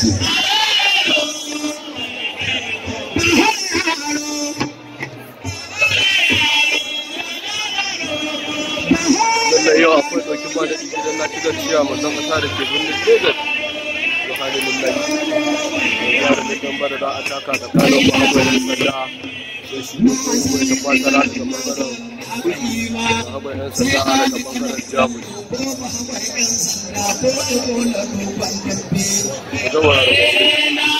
ce yau akwai ɗaukin ba da gidan na ci gaciya musan da ke birnin da halin da bada za taka tsakanin mahaifin da da shi ne kuma da ma sai ka ji ko ba haka yan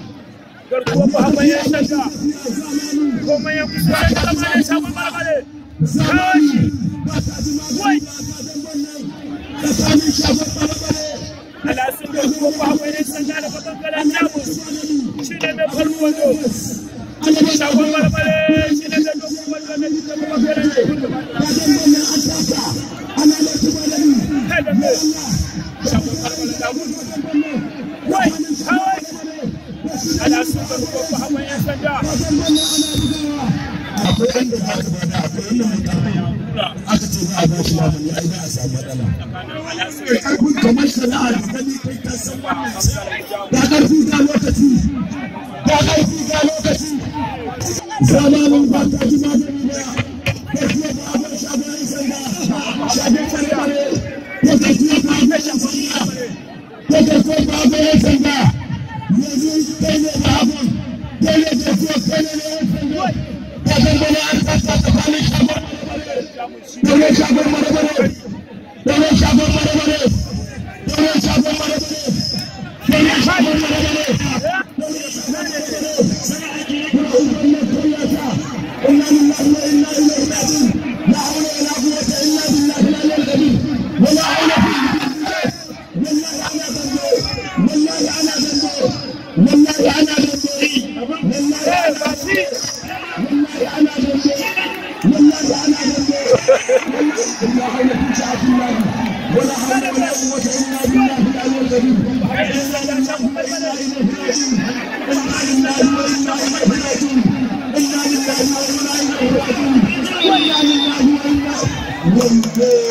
garkuwa Muhammad ya shiga kuma ya kusa da kalma ne sabon balbale kashi wai alasun garkuwa Muhammad ya shiga da fakankaran namu shi ne mai farwado sabon balbale shi ne da dogon wanda na jikin makarar da kudu sabon balbale da kudu wai ala sun bar ko ko hawan yan sanda akwai inda bada a ba shi lamuni ai za a samu matsala kai karfin kamar da karfi lokaci karfi lokaci da ba a da a a Okay. Yeah.